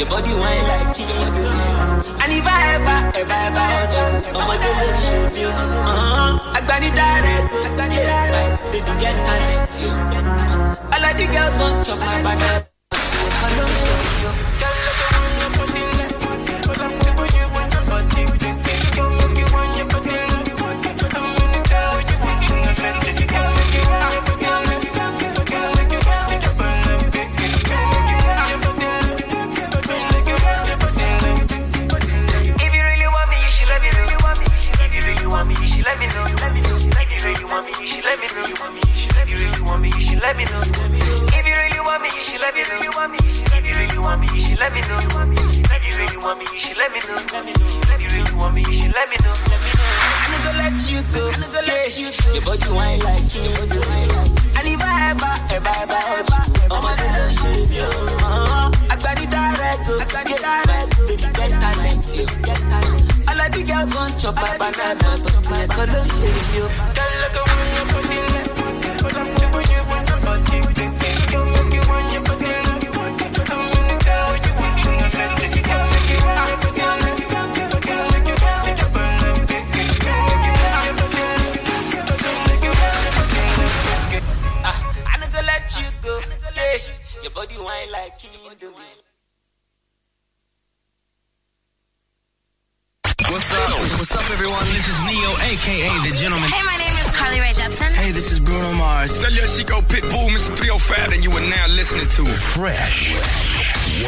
Your body wine like you do. And if I ever, ever, ever hurt you, I'ma do what you do. Uh-huh. I got it direct, yeah. Baby, get tight, you. All of the girls want your body. let me know. If you really want me, you should let me know. If you really want me, you should let me know. If you really want me, you should let me know. If you really want me, you should let me know. I'm to let you go. I'm to let you go. Your body wine like you. And if I ever, ever, ever, ever, I'm gonna love you. I got it direct. I got it direct. Baby, get talent, you get talent. All of the girls want chop up and I'm not going to shave you. Girl, look at me, I'm wine like Indomie. What's up? What's up, everyone? This is Neo, aka The Gentleman. Hey, my name is Carly Rae Jepsen. Hey, this is Bruno Mars. Tell your Chico Pitbull, Mr. 305, and you are now listening to Fresh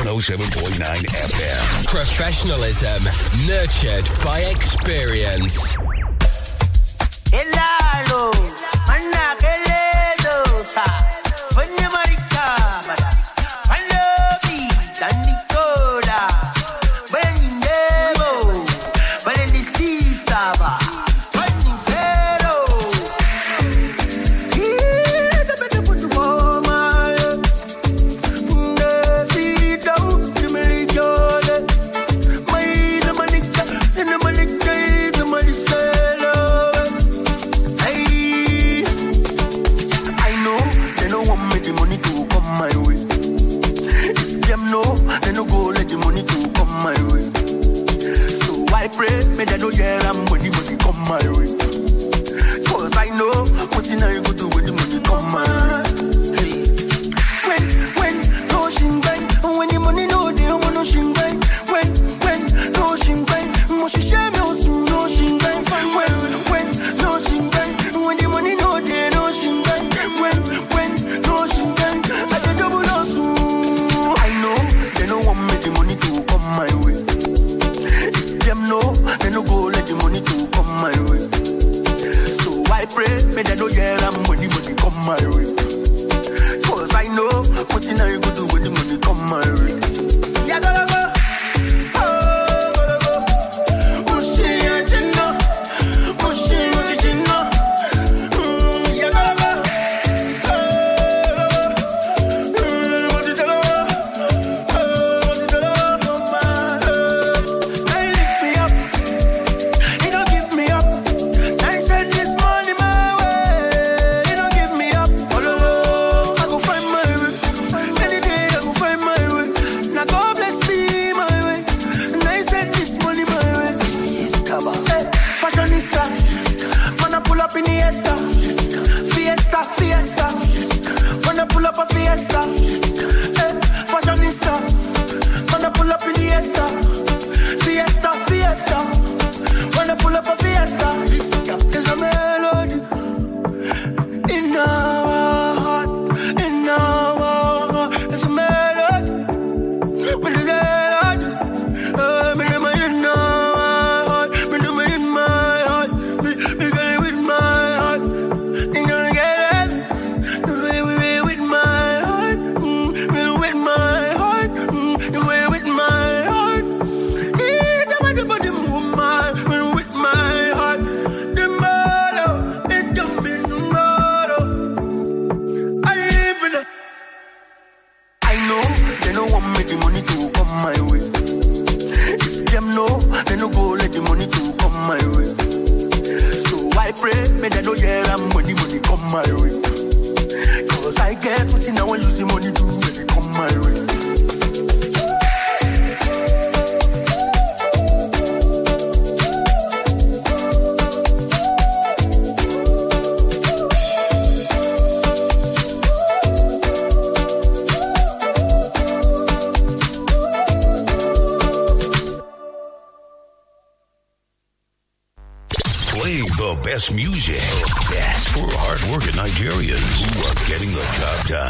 107.9 FM. Professionalism nurtured by experience. Hello.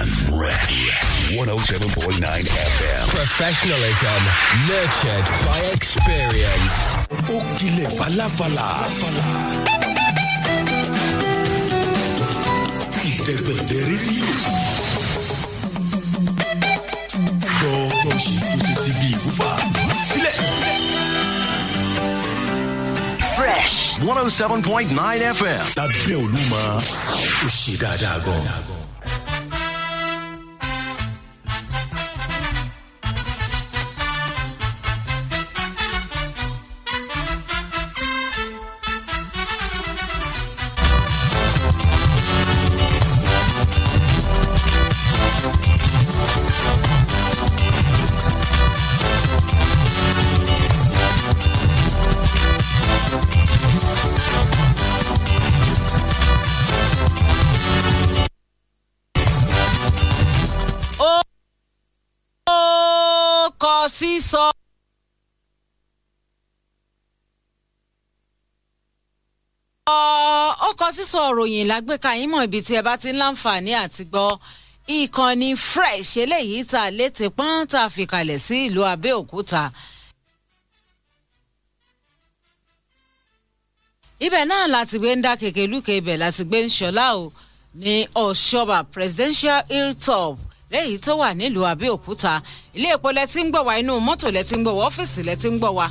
on Fresh 107.9 FM. Professionalism nurtured by experience. Ukile falafala. Gbogbo Fresh 107.9 FM. Lábẹ́ Olúmọ, ó sísọ. ó kọ sísọ òròyìn lágbèéká yín mọ̀ ibi tí ẹ bá ti ń láǹfààní àti gbọ́ ìkànnì fresh eléyìí tá a létí pọ́n tá a fi kalẹ̀ sí ìlú Abẹ́òkúta. ibẹ̀ náà láti gbé ń dá kékeré lùkè ibẹ̀ láti gbé ń ṣọlá o ní Ọ̀ṣọ́bà presidential hilltop léyìí tó wà nílùú àbẹ́òkúta ilé epo lẹ ti ń gbọ̀ wá inú mọ́tò lẹ ti ń gbọ̀ wá ọ́fíìsì lẹ ti ń gbọ̀ wá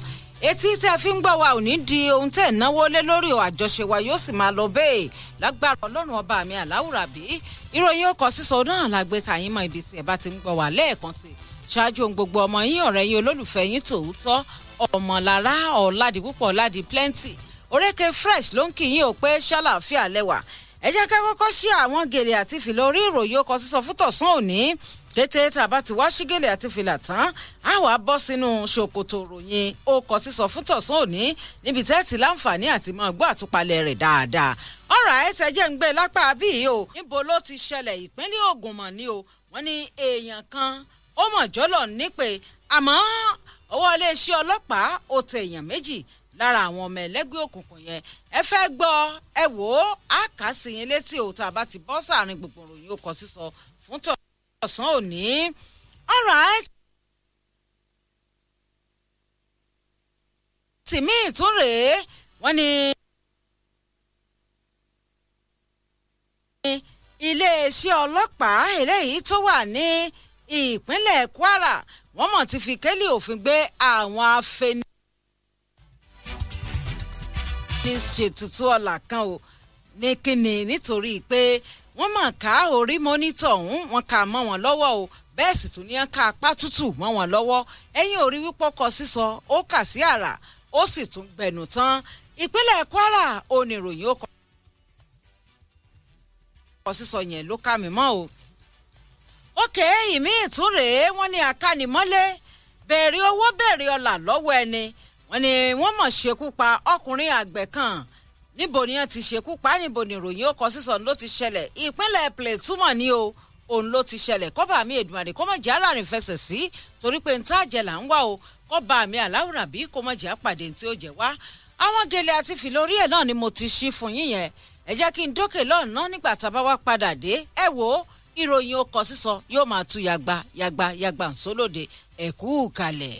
etí tẹ́ fi ń gbọ́ wa ò ní di ohun tẹ́ náwó lé lórí àjọṣe wa yóò sì máa lọ bẹ́ẹ̀ lágbára ọlọ́run ọba mi àláwùrà bí ìròyìn ó kọ sísọ náà la gbé ka yín mọ ibi tí ẹ bá ti ń gbọ́ wa lẹ́ẹ̀kan sí ṣáájú ohun gbogbo ọmọ yín ọ̀rẹ́ yín olólùfẹ́ yín tòótọ́ ọmọlára ọ̀làdì púpọ̀ ọ̀làdì plenty orékè fresh ló ń kì yín ò pé ṣàlàáfíà lẹ́wà ẹ jẹ́ ká kọ́kọ́ ṣí àwọn gèlè àti fìlà orí ìròyìn ọkọ̀ sísọ fún tọ̀sán òní kété tá a bá ti wá sí gèlè àti fìlà tán á wàá bọ́ sínú ṣòkòtò ròyìn okọ̀ sísọ fún tọ̀sán òní níbi tẹ́ ti láǹfààní àti máa gbọ́ àtúpalẹ̀ rẹ̀ dáadáa ọ̀rọ̀ àìsẹ̀ jẹ́ ń gbé lápá bíi o níbo ló ti ṣẹlẹ̀ ìpínlẹ̀ Ògùn mọ̀ ni o wọ́n ní èèyàn kan ó mọ̀ jọ́lọ̀ nípe àmọ́ ọwọ́ iléeṣẹ́ ọlọ́pàá ó tẹ èèyàn méjì lára àwọn ọmọ ẹlẹ́gbẹ́ òkùnkùn yẹn ẹ fẹ́ gbọ́ ẹ wò ó àkàsí yín létí òòtà bá ti bọ́ sáàrin gbogbo ìròyìn ó kọ sísọ fún tọ̀sán òní all right. tìmí ìtúrèé wọ́n ní iléeṣẹ́ ọlọ́pàá eléyìí tó wà ní ìpínlẹ̀ Kwara wọ́n mọ̀ ti fi kélé òfin gbé àwọn afẹni ti ṣe ètùtù ọ̀la kan o ní kíni nítorí pé wọ́n mà ká orí mọ́nítọ̀ ọ̀hún wọn kà mọ́ wọn lọ́wọ́ o bẹ́ẹ̀ sì tún ní wọn ká apá tútù mọ́ wọn lọ́wọ́ ẹ̀yìn orí wípọ́ kọ sísọ ó kà sí àrà ó sì tún gbẹ̀nù tán ìpínlẹ̀ kwara oníròyìn ó kọ sísọ yẹn ló ká mi mọ́ o òkè ìmí ìtúrèé wọn ní akánimọ́lé bẹ̀rẹ̀ owó bẹ̀rẹ̀ ọlà lọ́wọ́ ẹni wọ́n ní wọ́n mọ̀ ṣekú pa ọkùnrin àgbẹ̀ kan níbo ni wọ́n ti ṣekú pa níbo ni ìròyìn ó kọ sísọ ló ti ṣẹlẹ̀ ìpínlẹ̀ Plateau mọ̀ ní o òun ló ti ṣẹlẹ̀ kọ́ba mi Èdùmàrè kọ́mọ̀ jẹ́ alárìn fẹsẹ̀ sí torí pé n tá àjẹ là ń wá o kọ́ba mi aláwòrán bí kọ́mọ̀ jẹ́ àpàdé tí ó jẹ́ wá àwọn gèlè àti fìlórí ẹ̀ náà ni mo ti ṣí fún yín yẹn ẹ jẹ́ kí n dókè lọ́nà nígbà tá a bá wá padà dé ẹ wò ìròyìn ó kọ sísọ yóò máa tu yàgbà yàgbà yàgbà ńsọlóde ẹ̀kú kalẹ̀.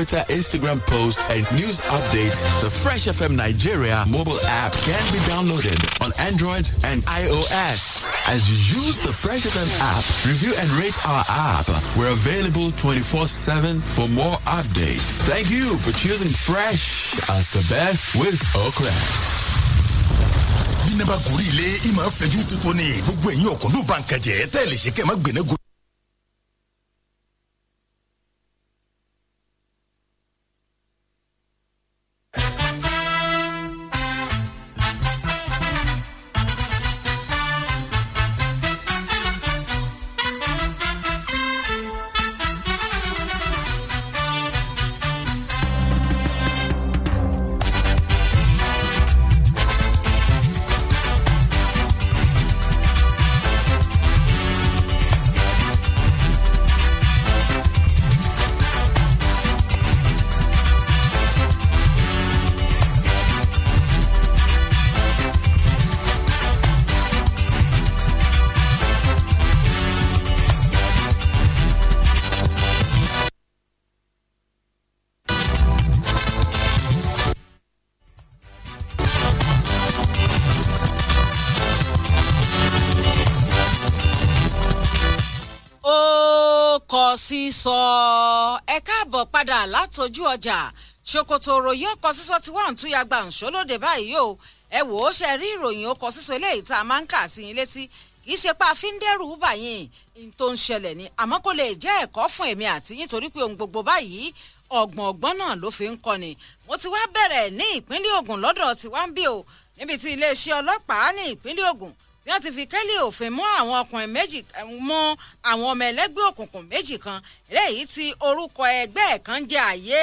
Twitter, Instagram posts, and news updates, the Fresh FM Nigeria mobile app can be downloaded on Android and iOS. As you use the Fresh FM app, review and rate our app. We're available 24-7 for more updates. Thank you for choosing Fresh as the best with Oakrest. gorí ilé fẹ́jú tuntun ni gbogbo ẹ̀yin ló bá ń kẹjẹ tẹ́lẹ̀ ṣe kẹ́ ẹ̀ má sísọ ẹ káàbọ̀ padà látọjú ọjà ṣòkòtò ròyìn ọkọ sísọ tí wọ́n ń túya gba ǹṣó lóde báyìí o ẹ wò ó ṣe rí ìròyìn ọkọ sísọ eléyìí tá a máa ń kà sí yín létí kì í ṣe pa fíndẹ́rù báyìí ní tó ń ṣẹlẹ̀ ni àmọ́ kò lè jẹ́ ẹ̀kọ́ fún èmi àti yín torí pé ohun gbogbo báyìí ọ̀gbọ̀n ọ̀gbọ́n náà ló fi ń kọ́ni mo ti wá bẹ̀rẹ̀ ní ìpínlẹ̀ Ògùn lọ́dọ̀ tiwa ń bí o níbi tí iléeṣẹ́ ọlọ́pàá ní ìpínlẹ̀ Ògùn tí wọ́n ti fi kẹ́lí òfin mú àwọn ọkùnrin méjì mú àwọn ọmọ ẹlẹ́gbẹ́ òkùnkùn méjì kan eléyìí tí orúkọ ẹgbẹ́ kan jẹ́ àyè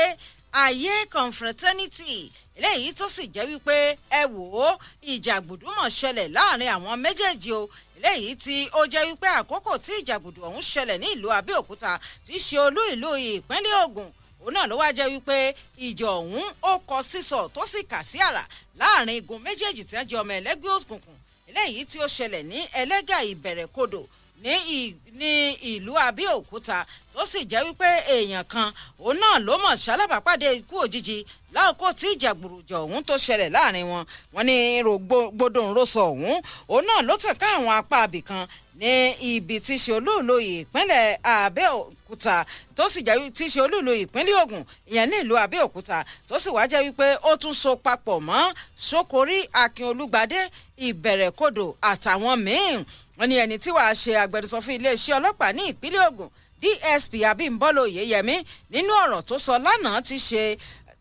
àyè confraternity eléyìí tó sì jẹ́ wípé ẹ wò ó ìjà gbùdúmọ̀ ṣẹlẹ̀ láàrin àwọn méjèèjì o eléyìí tí ó jẹ́ wípé àkókò tí ìjà gbùdù ọ̀hún ṣẹlẹ̀ ní ìlú Abẹ́òkúta ti ṣe olú ìlú ìpínlẹ̀ Ògùn òun náà ló wá jẹ́ wípé ìjà ọ̀hún ó kọ sísọ tó sì kà sí àrà láàrin igun méjèèjì tí wọ́n jẹ́ ọmọ ẹlẹ́gbẹ́ òkùnkùn eléyìí tí ó ṣẹlẹ̀ ní ẹlẹ́gà ìbẹ̀rẹ̀kodò ní ìlú Abẹ́òkúta tó sì jẹ́ wípé èèyàn kan òun náà ló mọ̀ ṣalábàápàdé ikú òjijì láòkó tí ìjàgbùrùjọ ọ̀hún tó ṣẹlẹ̀ láàrin wọn wọn ní gbódòǹrosọ ọ̀hún òun náà ló tàn ká àwọn apá abìkan ní ibi tí ṣe olúùlú ìpínlẹ̀ Abẹ́òkúta tó sì jẹ́ tí ṣe olúùlú ìpínlẹ̀ Ògùn ìyẹn ní ìlú Abẹ́òkúta tó sì wá jẹ́ wípé ó tún so papọ̀ mọ́ Sokori Akin Olúgbadé Ìbẹ̀rẹ̀kodò àtàwọn míín wọ́n ní ẹni tí wàá ṣe agbẹnusọ fún iléeṣẹ́ ọlọ́pàá ní ìpínlẹ̀ Ògùn DSP Abímbọ́lá Oyèyẹmí nínú ọ̀rọ̀ tó sọ lánàá ti ṣe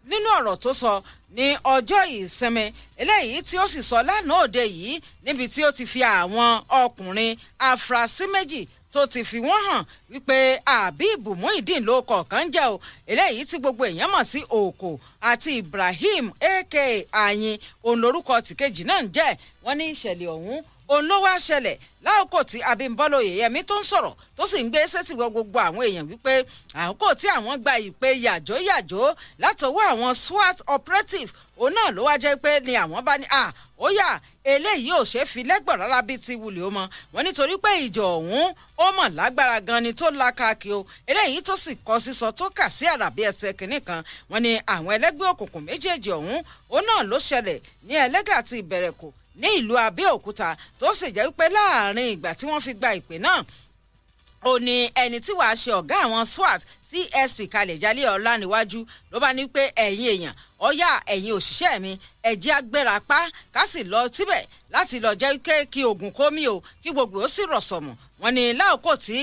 nínú ọ̀rọ̀ tó sọ ní ọjọ́ ìsinmi eléyìí tí ó sì sọ lánàá òde yìí níbi tí ó ti fi àwọn ọkùnrin afurasí méjì tó ti fi wọ́n hàn wípé àbíbù muhyiddin ló kọ̀ọ̀kan jẹ́ o eléyìí tí gbogbo èèyàn mọ̀ sí òkò àti ibrahim aka ayin òun lórúkọ tìkejì náà ń jẹ́ wọ́n ní ìṣẹ̀lẹ̀ ọ̀hún òun ló wá ṣẹlẹ̀ láòkò tí Abímbọ́lá Oyèyẹmí tó ń sọ̀rọ̀ tó sì ń gbé sẹ́tìwọ́ gbogbo àwọn èèyàn wípé àkókò tí àwọn gba ìpè yàjóyàjó látọwọ́ àwọn SWAT operative òun náà ló wá jẹ́ pé ni àwọn bá ní à ó yà eléyìí ò ṣeé fi lẹ́gbọ̀n rárá bíi ti wulẹ̀ ó mọ wọn nítorí pé ìjọ ọ̀hún ó mọ̀ lágbára gan ni tó la káàkiri o eléyìí tó sì kọ sísọ tó kà sí àràbí ẹsẹ̀ kìnnì kan wọn ni àwọn ẹlẹ́gbẹ́ òkùnkùn méjèèjì ọ̀hún òun náà ló ṣẹlẹ̀ ní ẹlẹ́gà àti ìbẹ̀rẹ̀kù ní ìlú Abẹ́òkúta tó sì jẹ́ wípé láàrin ìgbà tí wọ́n fi gba ìpè náà ó ní ẹni tí wàá ṣe ọ̀gá àwọn SWAT CSP kalẹ̀ jálẹ̀ ọ̀làníwájú ló bá ní pé ẹ̀yin èèyàn ọ̀yà ẹ̀yin òṣìṣẹ́ mi ẹ̀jẹ̀ agbéra pa ká sì lọ síbẹ̀ láti lọ jẹ́ pé kí ogun kó mi o kí gbogbo ó sì rọ̀ sọ̀mù wọ́n ní láòkó tí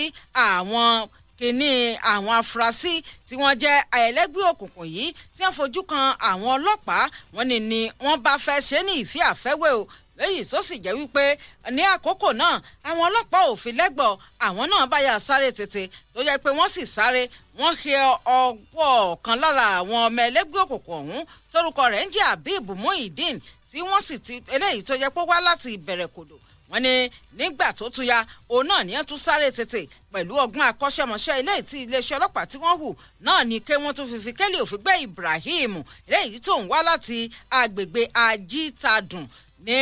àwọn kìíní àwọn afurasí tí wọ́n jẹ́ ẹlẹ́gbẹ́ òkùnkùn yìí tí wọ́n fojú kan àwọn ọlọ́pàá wọ́n ní ni wọ́n bá fẹ́ ṣe ní ìfẹ́ àfẹ́wé o lẹ́yìn tó sì jẹ́ wípé ní àkókò náà àwọn ọlọ́pàá ò fi lẹ́gbọ̀ àwọn náà bá yà sáré tètè tó jẹ́ pé wọ́n sì sáré wọ́n ṣe ọwọ́ kan lára àwọn ọmọ ẹlẹ́gbẹ́ òkùnkùn ọ̀hún torúkọ rẹ̀ ń jẹ́ Habib Muhyiddin tí wọ́n sì ti eléyìí tó jẹ́ pé wá láti ìbẹ̀rẹ̀ kòdò wọ́n ní nígbà tó tún ya òun náà ní ẹ tún sáré tètè pẹ̀lú ọgbọ́n akọ́ṣẹ́mọṣẹ́ ilé tí iléeṣẹ́ ọlọ́pàá tí wọ́n hù náà ni ké wọ́n tún fífi kẹ́lẹ́ òfin gbé Ibrahim eléyìí tó ń wá láti agbègbè ajítadùn ní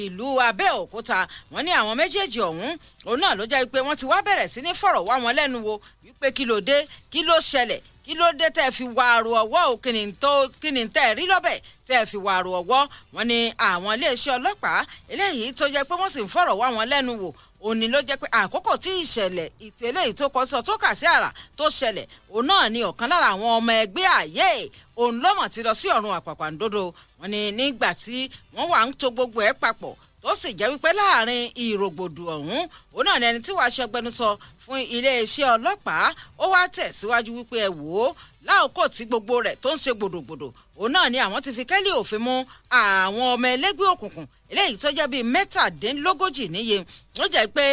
ìlú abẹ́òkúta wọ́n ní àwọn méjèèjì ọ̀hún òun náà ló jẹ́ pé wọ́n ti wá bẹ̀rẹ̀ sí ní fọ̀rọ̀ wá wọn lẹ́nu wo wípé kí ló dé kí ló ṣẹlẹ̀ kí ló dé tẹ́ fi wá àrò ọwọ́ o kí ni tó kí ni tẹ́ rí lọ́bẹ̀ tẹ́ fi wá àrò ọwọ́ wọn ni àwọn iléeṣẹ́ ọlọ́pàá eléyìí tó jẹ́ pé wọ́n sì ń fọ̀rọ̀ wá wọn lẹ́nu wò òní ló jẹ́ pé àkókò tí ìṣẹ̀lẹ̀ ìtẹ̀lé ìtòkọsọ tó kà sí àrà tó ṣẹlẹ̀ òun náà ni ọ̀kan lára àwọn ọmọ ẹgbẹ́ ààyè òun lọ́mọ̀ ti lọ sí ọ̀run àpàpàǹdodo wọn ni nígbà tí wọ́n wà ń to gbogbo ẹ̀ papọ̀ tó sì jẹ́ wípé láàrin ìrògbòdù ọ̀hún òun náà ni ẹni tí wàá ṣọgbẹnusọ fún iléeṣẹ́ ọlọ́pàá ó wá tẹ̀síwájú wípé ẹ wò ó láòkó tí gbogbo rẹ̀ tó ń ṣe gbòdògbòdò òun náà ni àwọn ti fi kẹ́lí òfin mú àwọn ọmọ ẹlẹ́gbẹ́ òkùnkùn eléyìí tó jẹ́ bíi mẹ́tàdínlógójì níye tó jẹ́ pé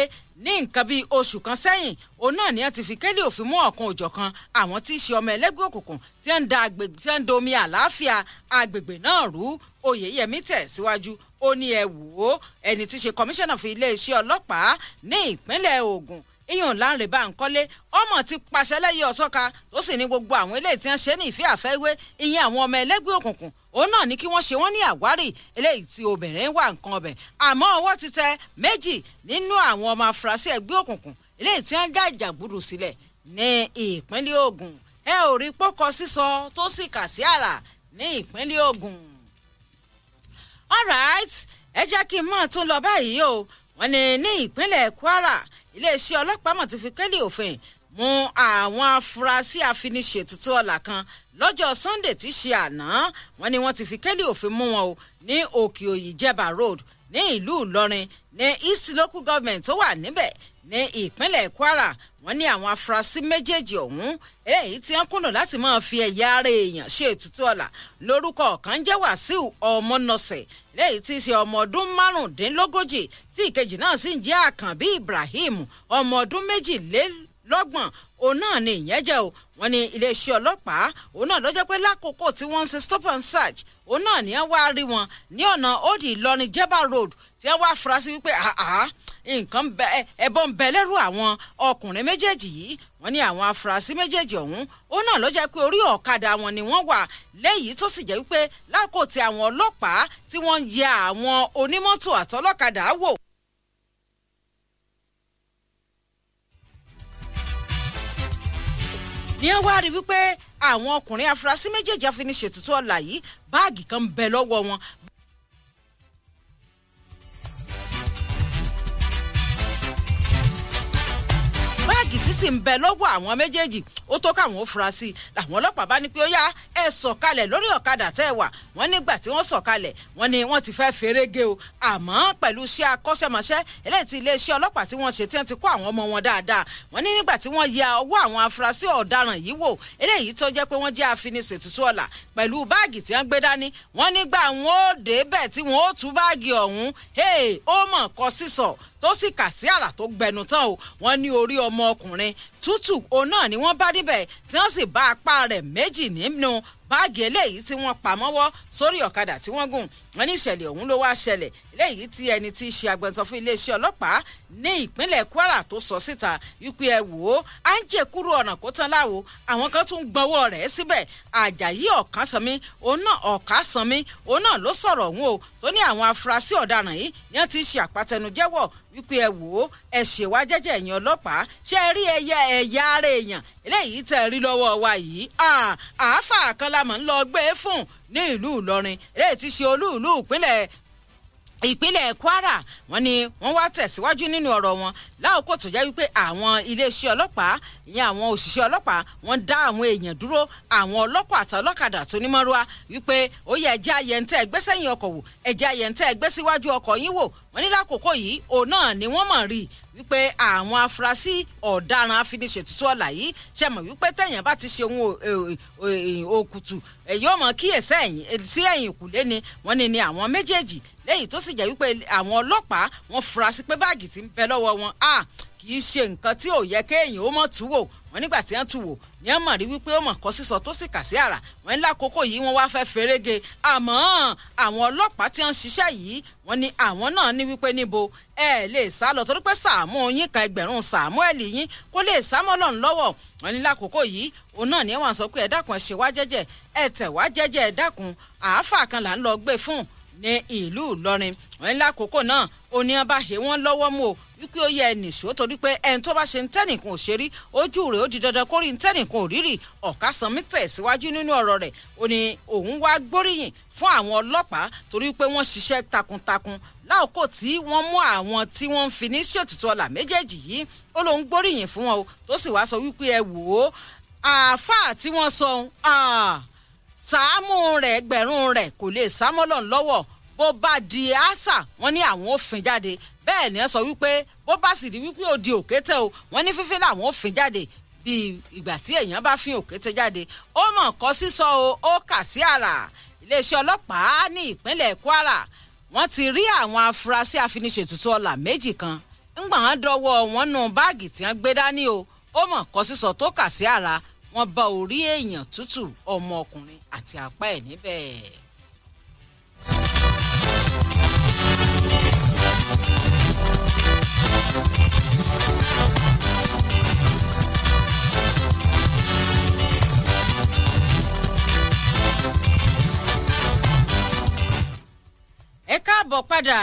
ní nǹkan bíi oṣù kan sẹ́yìn òun náà ni wọ́n ti fi kéde òfin mú ọ̀kan òjọ̀kan àwọn tí í ṣe ọmọ ẹlẹ́gbẹ́ òkùnkùn tí wọ́n ń da agbègbè tí wọ́n ń domi àlàáfíà agbègbè náà rú oyèyẹmí tẹ̀síwájú ó ní ẹ wò ó ẹni tí í ṣe kọmíṣánná fún iléeṣẹ́ ọlọ́pàá ní ìpínlẹ̀ Ògùn iyùn láǹrè bá ń kọ́lé ọmọ ti pàṣẹ lẹ́yìn ọ̀ṣọ́ka tó sì ní gbogbo àwọn eléyìí tí ní ìfẹ́ àfẹ́wé ìyẹn àwọn ọmọ ẹlẹ́gbẹ́ òkùnkùn òun náà ní kí wọ́n ṣe wọ́n ní àwárí eléyìí tí obìnrin wà nǹkan ọbẹ̀ àmọ́ ọwọ́ ti tẹ méjì nínú àwọn ọmọ afurasí ẹgbẹ́ òkùnkùn eléyìí tí wọ́n dá ìjàgbùrù sílẹ̀ ní ìpínlẹ̀ Ògùn ẹ ò rí pọ́kọ sísọ tó sì kà sí àrà ní ìpínlẹ̀ Ògùn. all ẹ jẹ́ kí n mọ̀ tún lọ báyìí o wọ́n ní ní ìpínlẹ̀ Kwara iléeṣẹ́ ọlọ́pàá mọ̀ ti fi kélé òfin mú àwọn afurasí àfiniṣètùtù ọ̀la kan lọ́jọ́ sunday tí ṣe àná wọ́n ní wọ́n ti fi kélé òfin mú wọn o ní òkè òyì jẹba road ní ìlú ìlọrin ní east local government tó wà níbẹ̀ ní ìpínlẹ̀ kwara wọ́n ní àwọn afurasí méjèèjì ọ̀hún èyí tí wọ́n kùnà láti máa fi ẹ̀yà ara èèyàn ṣe ètùtù ọ̀la lórúkọ ọ̀kan jẹ́ wàsíù ọmọnọsẹ̀ léyìí tí í ṣe ọmọ ọdún márùndínlógójì tí ìkejì náà sì ń jẹ́ àkànbí ibrahim ọmọ ọdún méjìlélógójì lọ́gbọ̀n òun náà ni ìyẹn jẹ́ o wọ́n ní iléeṣẹ́ ọlọ́pàá òun náà ló pé lákòókò tí wọ́n ń ṣe stop and search òun náà ni wọ́n á rí wọn ní ọ̀nà odi ìlọrin jeba road tí wọ́n wá fura sí wípé àhàhà nǹkan ẹbọn ń bẹ lẹ́rù àwọn ọkùnrin méjèèjì yìí wọ́n ní àwọn afurasí méjèèjì ọ̀hún òun náà ló jẹ́ pé orí ọ̀kadà wọn ni wọ́n wà léyìí tó sì jẹ́ wípé lákòókò tí àwọn ọlọ́pàá tí wọ́n ń yẹ àwọn onímọ́tò àtọlọ́kadà wò. ní ẹ wá rí wípé àwọn ọkùnrin afurasí méjèèjì afiniṣètùtù ọ̀la yìí báàgì kan bẹ lọ́wọ́ wọn báàgì tí sì ń bẹ lọ́wọ́ àwọn méjèèjì ó tó káwọn ó fura sí i làwọn ọlọ́pàá bá ní pé ó yá ẹ sọ̀kalẹ̀ lórí ọ̀kadà tẹ́ ẹ wà wọ́n nígbà tí wọ́n sọ̀kalẹ̀ wọ́n ní wọ́n ti fẹ́ ferege o àmọ́ pẹ̀lú iṣẹ́ akọ́ṣẹ́mọṣẹ́ eléyìí ti iléeṣẹ́ ọlọ́pàá tí wọ́n ṣe tí wọ́n ti kó àwọn ọmọ wọn dáadáa wọ́n ní nígbà tí wọ́n ya ọwọ́ àwọn afurasí ọ̀daràn yìí wò eléyìí tó jẹ́ pé wọ́n jẹ́ afiniṣètùtù ọ̀la pẹ̀lú báàgì tí wọ́n gbé dání wọ́n nígbà wọn ó débẹ̀ tí wọ́n ó tú báàgì ọ̀hún ó mọ̀ kọ sísọ tó sì kà sí àrà tó gbẹnu tán o wọ́n ní orí ọmọ ọkùnrin tútù òun náà ni wọ́n bá níbẹ̀ tí wọ́n sì bá apá rẹ̀ méjì nínú báàgì eléyìí tí wọ́n pa mọ́wọ́ sórí ọ̀kadà tí wọ́n gùn wọn ní ìṣẹ̀lẹ̀ ọ̀hún ló wá ṣẹlẹ̀ eléyìí tí ẹni tí í ṣe agbẹnusọ fún iléeṣẹ́ ọlọ́pàá ní ìpínlẹ̀ Kwara tó sọ síta wípé ẹ wò ó à ń jẹ kúrò ọ̀nà kó tán láwo àwọn kan tún gbọ́wọ́ rẹ̀ síbẹ̀ Àjàyí Ọ̀kánsanmí òun náà Ọ̀kánsanmí òun náà ló sọ̀rọ̀ ọ̀hún o tó ní àwọn afurasí ọ̀daràn yìí yẹn ti ṣe àpàtẹnujẹ́wọ̀ wípé ẹ wò ó ẹ ṣèwá jẹ́jẹ́ ẹ̀yin ọlọ́pàá ṣe é rí ẹyẹ ẹ̀yà ara èèyàn eléyìí tẹ̀ rí lọ́wọ́ wa yìí àáfà kan la mọ̀ ń lọ gbé fún ní ìlú Ìlọrin eléyìí ti ṣe olú ìlú ìpínlẹ̀ ìpínlẹ̀ kwara wọn ni wọ́n wá tẹ̀síwájú nínú ọ̀rọ̀ wọn láòkó tó jẹ́ wípé àwọn iléeṣẹ́ ọlọ́pàá ìyẹn àwọn òṣìṣẹ́ ọlọ́pàá wọ́n dá àwọn èèyàn dúró àwọn ọlọ́kọ̀ àtọlọ́kadà tó ní mọ́rúwá wípé ó yẹ ẹjẹ́ ayẹntẹ́ ẹgbẹ́ sẹ́yìn ọkọ̀ wò ẹjẹ́ ayẹntẹ́ ẹgbẹ́ síwájú ọkọ̀ yín wò wọ́n ní lákòókò yìí òun náà ni wọ́n mọ̀ rí wípé àwọn afurasí ọ̀daràn afiniṣètùtù ọ̀la yìí ṣe mọ̀ wípé tẹ̀yàn bá ti ṣe ohun eh, eh, òkùtù eh, yóò mọ̀ kíyèsẹ́ sí ẹ̀yìn ìkùlé ni wọ́n ní ni àwọn méjèèjì lẹ́yìn tó sì jẹ́ wípé àwọn ọlọ́pàá wọ́n fura sí pé báàgì ti ń bẹ lọ́wọ́ wọn ah, kì í ṣe nǹkan tí ò yẹ kéèyàn ó mọ̀ tú wò wọ́n nígbà tí wọ́n tú wò ní wọ́n mọ̀ rí wípé ó mọ̀ kọ́ sísọ tó sì kà sí àrà wọ́n ní lákòókò yìí wọ́n wá fẹ́ ferege àmọ́ àwọn ọlọ́pàá tí wọ́n ń ṣiṣẹ́ yìí wọ́n ní àwọn náà ní wípé níbo ẹ lè sá lọ torí pé sàmú yín kan ẹgbẹ̀rún sàmú ẹ̀ yín kó lè sá mọ́ lọ́n lọ́wọ́ wọ́n ní lákòókò yìí òun náà ní wọ́n sọ pé ẹ dákun ẹ ṣe wá jẹ́jẹ́ ẹ tẹ̀ wá jẹ́jẹ́ ẹ dákun àáfà kan là ń lọ gbé fún un ní ìlú ìlọrin wọn lákòókò náà òní abáhe wọn lọ́wọ́ mú o wípé ó yẹ ẹnì sọ torí pé ẹni tó bá ṣe ń tẹ́nìkan òṣèré ojú rẹ̀ ó di dandan kó rí ń tẹ́nìkan òrírì ọ̀kásánmi tẹ̀síwájú nínú ọ̀rọ̀ rẹ̀ ó ní òun wá gbóríyìn fún àwọn ọlọ́pàá torí pé wọ́n ṣiṣẹ́ takuntakun láòkó tí wọ́n mú àwọn tí wọ́n ń fi ní ṣètùtù ọ̀la méjèèjì yìí ó lóun gbóríyìn fún wọn o tó sì wá sọ wípé ẹ wò ó àáfàá tí wọ́n sọ sàámù rẹ̀ ẹgbẹ̀rún rẹ̀ kò lè sámọ́lọ̀ lọ́wọ́ bó bá di àṣà wọn ní àwọn òfin jáde bẹ́ẹ̀ ni ẹ sọ wípé bó bá sì di wípé òdi òkété o wọn ní fífín làwọn òfin jáde bí ìgbà tí èèyàn bá fín òkété jáde ó mọ̀ kọ́ sísọ o ó kà sí àrà iléeṣẹ́ ọlọ́pàá ní ìpínlẹ̀ Kwara wọ́n ti rí àwọn afurasí àfiniṣètùtù ọlà méjì kan ńgbà wọn dọwọ́ wọn nù báàgì tí wọ́n gbé dání o ó mọ̀ kọ́ sísọ tó kà sí àrà wọ́n bá orí èèyàn tútù ọmọ ọkùnrin àti apá ẹ̀ níbẹ̀. ẹ káàbọ̀ padà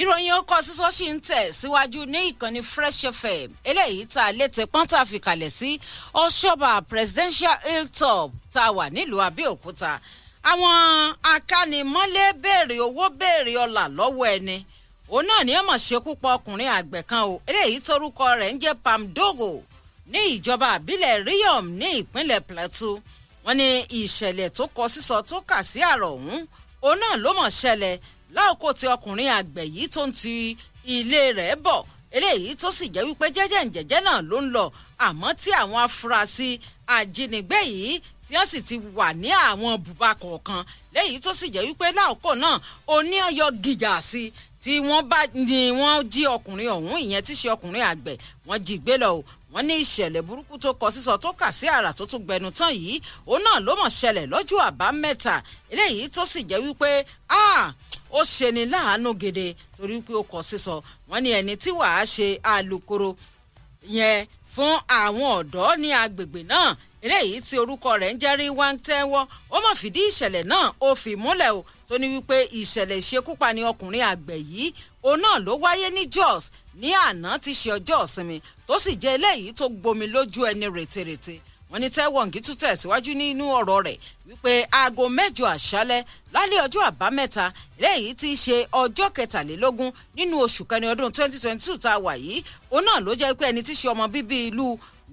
ìròyìn ọkọ̀ sísọ ṣì ń tẹ̀ síwájú ní ìkànnì fresh fm eléyìí tá a létí pọ́ńtà fìkàlẹ̀ sí ọ̀ṣọ́bà presidential hilltop tá a wà nílùú àbẹ́òkúta àwọn akánimọ́lé béèrè owó béèrè ọlà lọ́wọ́ ẹni òun náà ni ẹ mọ̀ ṣe púpọ̀ ọkùnrin àgbẹ̀ kan o eléyìí torúkọ rẹ̀ ń jẹ́ pam dogo ní ìjọba àbílẹ̀ riom ní ìpínlẹ̀ plateau wọn ni ìṣẹ̀lẹ̀ tó kọ sísọ tó kà sí àrọ̀ ọ̀hún òun náà ló mọ̀ ṣẹlẹ̀ láòkó ti ọkùnrin àgbẹ̀ yìí tó ń ti ilé rẹ̀ bọ̀ eléyìí tó sì jẹ́ wípé jẹ́jẹ́ ǹjẹ́jẹ́ náà ló ń lọ àmọ́ tí àwọn afurasí ajínigbé yìí tí wọ́n sì ti wà ní àwọn bùbá kọ̀ọ̀kan léyìí tó sì jẹ́ wípé láòkó náà oníyọ gìjà sí tí wọ́n bá ní wọ́n jí ọkùnrin ọ̀hún ìyẹn tí ṣe ọkùnrin àgbẹ̀ wọ́n jí gbé lọ o wọ́n ní ìṣẹ̀lẹ̀ burúkú tó kọ sísọ tó kà sí àrà tó tún gbẹnu tán yìí òun náà ló mọ̀ ṣẹlẹ̀ lọ́jọ́ àbámẹ́ta eléyìí tó sì jẹ́ wípé ah, ó ṣe ni láàánú gèdè torí pé ó kọ sísọ wọn ni ẹni tí wàá ṣe alukoro yẹn fún àwọn ọ̀dọ́ ní agbègbè náà eléyìí tí orúkọ rẹ̀ ń jẹ́rí wáńtẹ́wọ́ ó mọ̀ fìdí ìṣẹ̀lẹ̀ náà ó fi múlẹ̀ o tó ní wípé ìṣẹ̀lẹ̀ ìṣekúpani ọkùnrin àgbẹ̀ yìí òun náà ló wáyé ní Jos ní àná ti ṣe ọjọ́ ìsinmi tó sì jẹ́ eléyìí tó gbomi lójú ẹni rètèrètè wọ́n ní tẹ́wọ̀ngì tún tẹ̀síwájú nínú ọ̀rọ̀ rẹ̀ wípé aago mẹ́jọ àṣálẹ́ lálẹ́ ọjọ́ àbámẹ́ta lẹ́yìn tí í ṣe ọjọ́ kẹtàlélógún nínú oṣù kẹrin ọdún 2022 tá a wà yìí òun náà ló jẹ́ pé ẹni tí í ṣe ọmọ bíbí ìlú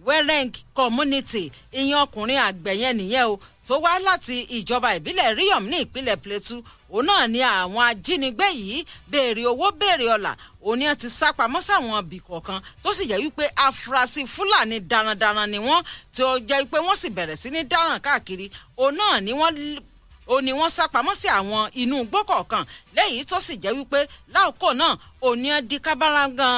wereng community ìyẹn ọkùnrin àgbẹ̀yẹn nìyẹn o tó wá láti ìjọba ìbílẹ̀ riom ní ìpínlẹ̀ plateau òun náà ni àwọn ajínigbé yìí béèrè owó béèrè ọ̀la òní ẹ̀ ti sá pamọ́ sáwọn ibì kọ̀ọ̀kan tó sì jẹ́ wípé afurasí fúlàní darandaran ni wọ́n tí ó jẹ́ wípé wọ́n sì bẹ̀rẹ̀ sí ní dáràn káàkiri òun náà ni wọ́n ó ní wọ́n sá pamọ́ sí àwọn inú igbó kọ̀ọ̀kan lẹ́yìn tó sì jẹ́ wípé láòkó náà òní ẹ̀ di kábàrà gan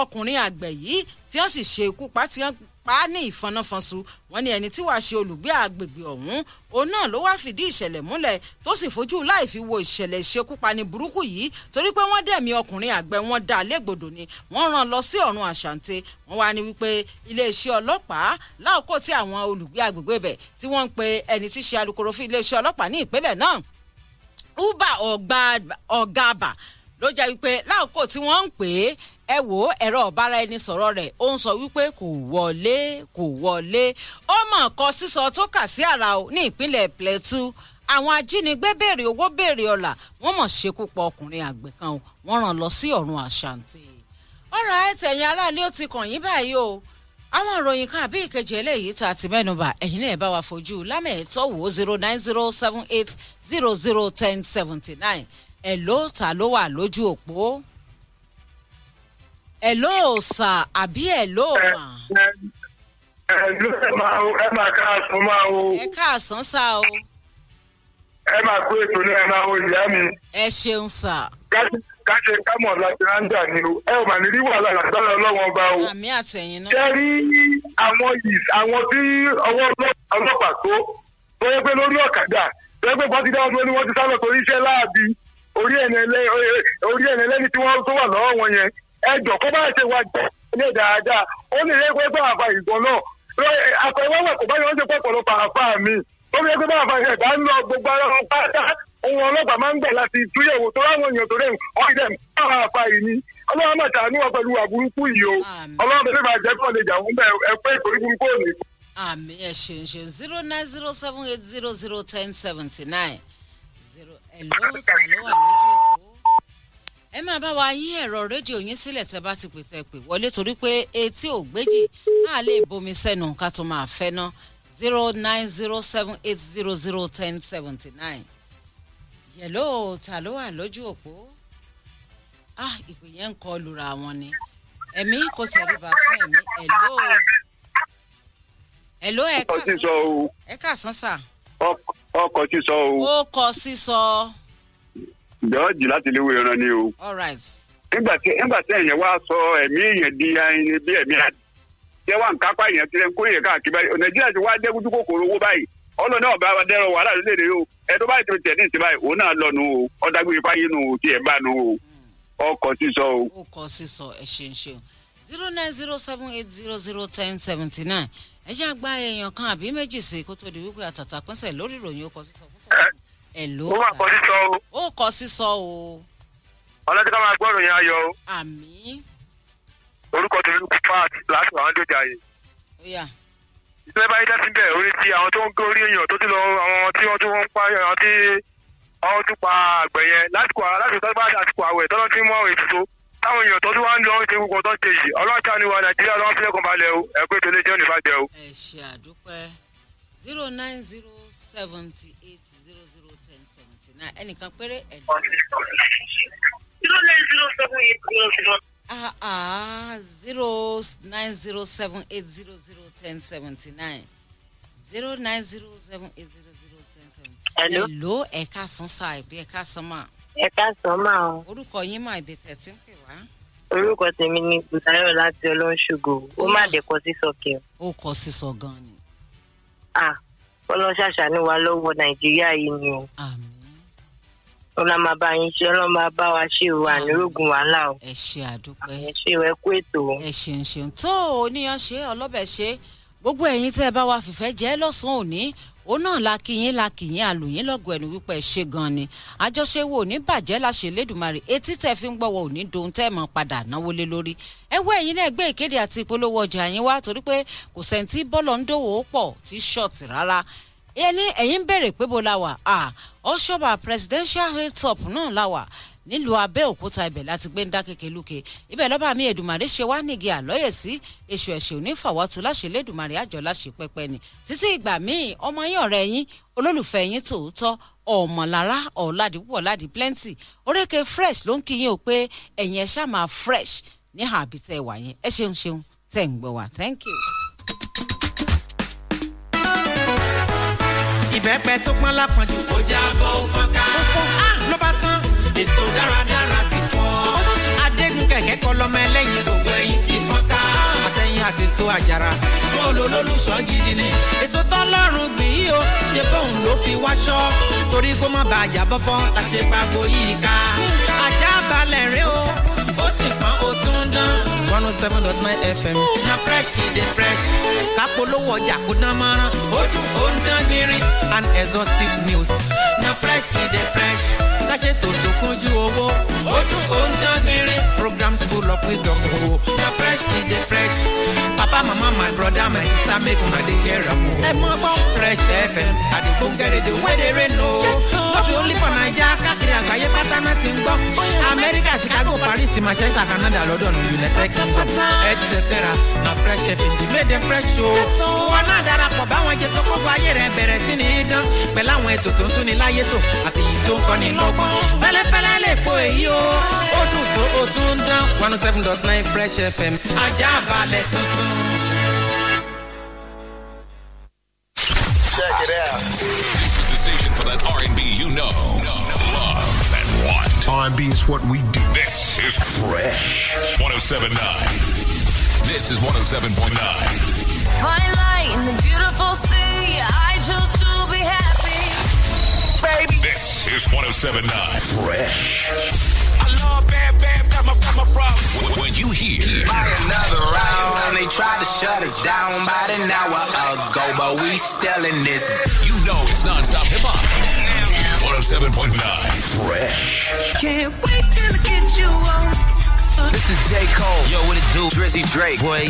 ọkùnrin àgbẹ̀ yìí tí wọ́n sì ṣe ikú pa tí wọ́n pa á ní ìfọnáfọnsu wọn ni ẹni tí wàá ṣe olùgbé àgbègbè ọ̀hún òun náà ló wáá fìdí ìṣẹ̀lẹ̀ múlẹ̀ tó sì fojú láì fi wo ìṣẹ̀lẹ̀ ìṣekúpani burúkú yìí torí pé wọ́n dẹ̀mí ọkùnrin àgbẹ̀ wọn dá légbodò ni wọ́n rán lọ sí ọ̀run àṣàǹtẹ wọ́n wá ní wípé iléeṣẹ́ ọlọ́pàá láòkó tí àwọn olùgbé àgbègbè bẹ̀ tí wọ́n ń pe ẹni tí ṣe alukoro fún iléeṣẹ́ ọlọ́pàá ní ìpínlẹ̀ náà uba ọ̀gá àbà ló jẹ́ wípé láòkó tí wọ́n ń pè é ẹ wò ó ẹ̀rọ ọ̀bára ẹni sọ̀rọ̀ rẹ̀ ó ń sọ wípé kò wọlé kò wọlé ó mọ̀ kọ sísọ tó kà sí àrà o ní ìpínlẹ̀ Plateau àwọn ajínigbé béèrè owó béèrè ọ̀la wọ́n mọ̀ ṣekú pa ọkùnrin àgbẹ̀ kan o wọ́n ràn lọ sí ọ̀run àṣàǹtì. ọ̀rọ̀ àìtẹ̀yìn aráàlú ó ti kàn yín báyìí o àwọn ìròyìn kan àbí ìkejì eléyìí tá a ti mẹ́nuba ẹ̀yin náà ẹ̀ bá wa fojú lámẹ̀ẹ́tọ́ wo zero nine zero seven eight zero zero ten seventy nine ẹ̀ ló ta ló wà lójú òpó ẹ ló sà àbí ẹ ló mà. ẹ ló ẹ máa o ẹ máa káàsán máa o. ẹ káàsán sá o. ẹ máa kó ètò náà máa o ìyá mi. ẹ ṣeun sà. káṣe kámọ̀ láti ráńdà ni o ẹ ò mà ní rí wàhálà lágbára ọlọ́wọ́n bá o. àmì àtẹ̀yìn náà. ṣé rí àwọn yìí àwọn tí ọwọ́ ọlọ́pàá tó tó yẹ pé lórí ọ̀kadà tó yẹ pé bọ́sí dáhùn tó ní wọ́n ti sá lọ torí iṣẹ́ láàbí orí ẹ̀nẹ́lẹ́ni tí wọ́n tó wà lọ́wọ́ wọn yẹn ẹjọ kó bá ṣe wá jẹ ilé dáadáa ó ní ilé pé àfa ìgbọ̀n náà àpò ìwáwẹ̀ kò bá yọ ọ́n ṣe àfa mi ó ní ilé pé àfa ìṣẹ̀dá ń lọ gbogbo ara wọn pátá ohun ọlọ́pàá máa ń gbà láti túyẹ̀wò tó láwọn èèyàn tó rẹ̀ wọ́n dẹ̀ máa àfa yìí ni ọlọ́run máa tàánú wọn pẹ̀lú àbúrúkú yìí o ọlọ́run ẹ máa bá wa yín ẹ̀rọ rédíò yín sílẹ̀ tẹ́ bá ti pètè pè wọlé torí pé etí ò gbéjì náà lè bomi sẹ́nu ká tó máa fẹ́ ná zero nine zero seven eight zero zero ten seventy nine yẹ̀lò ta ló wà lójú òpó ah ìpè yẹn ń kọ lura wọn ni ẹ̀mí kò tẹ̀ríba fún ẹ̀mí ẹ̀lò ẹ̀lò ẹ̀ka sán sà. ọkọ̀ sísọ o. ó kọ sísọ. jọ́ọ̀jì lati léwu ìran ni o. nígbà tí nígbà tí ẹ̀yẹ̀ sọ ẹ̀mí èèyàn di ẹni bí ẹ̀mí àtẹwà nkápá èèyàn tirẹ̀ ń káàkiri báyìí nàìjíríà ti wá dẹ́kun kòkòrò owó báyìí ọlọ́ni ọba wa dẹ́rọ wàhálà lóde o ẹ̀dọ́ báyìí ti tẹ̀ ní ìsìn báyìí òun náà lọ nù o ọ̀dàgbére o tiẹ̀ bá nù o ọkọ̀ sísọ o. mo máa kọ sísọ o. ó kọ sísọ o. ọlọ́dún máa gbọ́rọ̀ yẹn ayọ̀ o. àmì. orúkọ tèmi kú fat láti àwọn àjọjà yìí. ìṣẹ́ báyìí dá síbẹ̀ orí ti àwọn tó ń gbé orí èèyàn tó ti lọ àwọn tí wọ́n tún pa àwọn tí wọ́n tún pa àgbẹ̀ yẹn lásìkò àsìkò àwẹ̀ tọ́lọ́ ti mú àwọn ètùtù táwọn èèyàn tó tún wá ń lọ ṣe gbogbo tó ṣe yìí ọlọ́ọ̀ta ni wa nàìjíríà ló ń fi lẹ́kùn balẹ̀ o ẹgbẹ́ tó lè jẹ́ òní bàjẹ́ o. ẹ ṣe àdúpẹ́ zero nine zero seventy eight zero ẹnìkan péré ẹ̀dùn. zero nine zero seven eight zero zero. Ah ah zero nine zero seven eight zero zero ten seventy nine zero nine zero seven eight zero zero ten seventy. Hello. Hello ẹ̀ka sàn sa ìbí ẹ̀ka sàn máa. Ẹ̀ka sàn máa o. Orúkọ yín máa ibi tẹ̀ tí ń pè wá. Orúkọ tèmi ni Bùsáyọ̀ láti Ọlọ́ṣùgò. Ó má dẹ̀ kọ sísọ kẹ. Ó kọ sísọ gan ni. Ah, ọlọ́ṣàṣà ni wàá lọ́wọ́ Nàìjíríà yìí ni o. Àmín ọlọ́run máa bá yín ṣe ọlọ́run máa bá wa ṣe wà nírògùn wàhálà o. ẹ ṣe àdúpẹ́ ẹ ṣe ìwẹ́ kú ètò. ẹ ṣeun ṣeun tó oníyan ṣe ọlọ́bẹ̀ ṣe gbogbo ẹ̀yin tẹ́ ẹ bá wa fìfẹ́ jẹ́ lọ́sàn-án òní òun náà la kìyìn la kìyìn àlùyìn lọ́gọ̀ ẹ̀nu wípé ẹ ṣe gan ni àjọṣe wo ní bàjẹ́ la ṣe lédùmarè etí tẹ̀ fi ń gbọ́wọ́ òní dohun tẹ́ mọ̀ padà náwó lé lórí ẹ wọ ẹ̀yin náà gbé ìkéde àti ìpolówó ọjà yín wá torí pé kò sẹ́ni tí ń dòwò pọ̀ tí ṣọ̀tì rárá ẹni ẹ̀yin bèrè pé bó la wà ọ̀ṣọ́bà presidential hilltop náà la wà nílùú abẹ́òkúta ibẹ̀ láti gbé ń dá kékeré lókè ibẹ̀ lọ́ba mi èdùmàrè ṣe wá nígi àlọ́yẹ̀ sí èṣù ẹ̀ṣẹ̀ òní fàwọ́tò láṣẹ lẹ́dùmàrè àjọ láṣẹ pẹ́pẹ́ ni títí ìgbà míì ọmọ yín ọ̀rẹ́ yín olólùfẹ́ yín tòótọ́ ọ̀mọ̀lára ọ̀làdìpọ̀ ọ̀làdì plenty oríkè fresh ló ń kí yín o pé ẹ̀yin ẹ̀ ṣá máa fresh ní àbí tẹ́ wà yẹn ẹ ṣeun ṣeun tẹ́ ń gbọ́ wá thank you. ìbẹ́pẹ tó pọ́n lápọ̀jù. ó já bọ́ ó fọ́n ká. ó fọ́n á ah! ah! ló bá tán. èso dáradára ti fọ́. adégún kẹ̀kẹ́ kọ lọ́mọ ẹlẹ́yin. gbogbo ẹyin ti fọ́n ká. àtẹ̀yìn àti èso àjàrà. bọ́ọ̀lù olólùṣọ́ gidi ni. èso tọ́lọ́run gbìn yìí o ṣe bóun ló fi wáṣọ. torí kó má bàa jà bọ́fọ́ la yìí ká. àjà rẹ o ó sì fọ́n one oh seven dot nine fm. na fresh e dey fresh. ká polówó ọjà kó dán mọ́rán. ó dùn ń dán gbinrin. an exhaustive news. na fresh fresh e dey fresh sachet tó tó kúnjú owó ojú òun tán gbinrin programs full of wisdom o oh. na fresh e dey fresh papa mama my brother my sister make una dey hear am o. Oh. ẹ mọ gbọ́ fresh fm àdìgbòǹkẹ rédíò wey dey rain o no be only for naija káàkiri àgbáyé pátá náà ti ń gbọ́ oh, amẹ́ríkà chicago paris manchester canada london united kingdom etc na fresh fm dey make dem fresh o. wọn náà darapọ̀ báwọn jẹ sọ́kọ́ bọ́ ayé rẹ̀ bẹ̀rẹ̀ sí ní í dán pẹ̀lú àwọn ètò tó ń súnni láyé tó. àti yìí tó kọ́ ní fẹ́lẹ́fẹ́lẹ́ lè po èyí o ó dùn tó o tún ń dán oh seven dot nine fresh fm ajá balẹ̀ tuntun. Check it out. This is the station for that R&B you know, love, and want. R&B is what we do. This is Fresh 107.9. This is 107.9. in the beautiful I chose to is 1079 Fresh. I love Bam Bam, got my, got my When you hear. Buy another round. They try to shut us down about an hour ago, but we still in this. You know it's nonstop hip hop. 107.9 Fresh. Can't wait till I get you on. This is J. Cole. Yo, what it do? Drizzy Drake. Boy,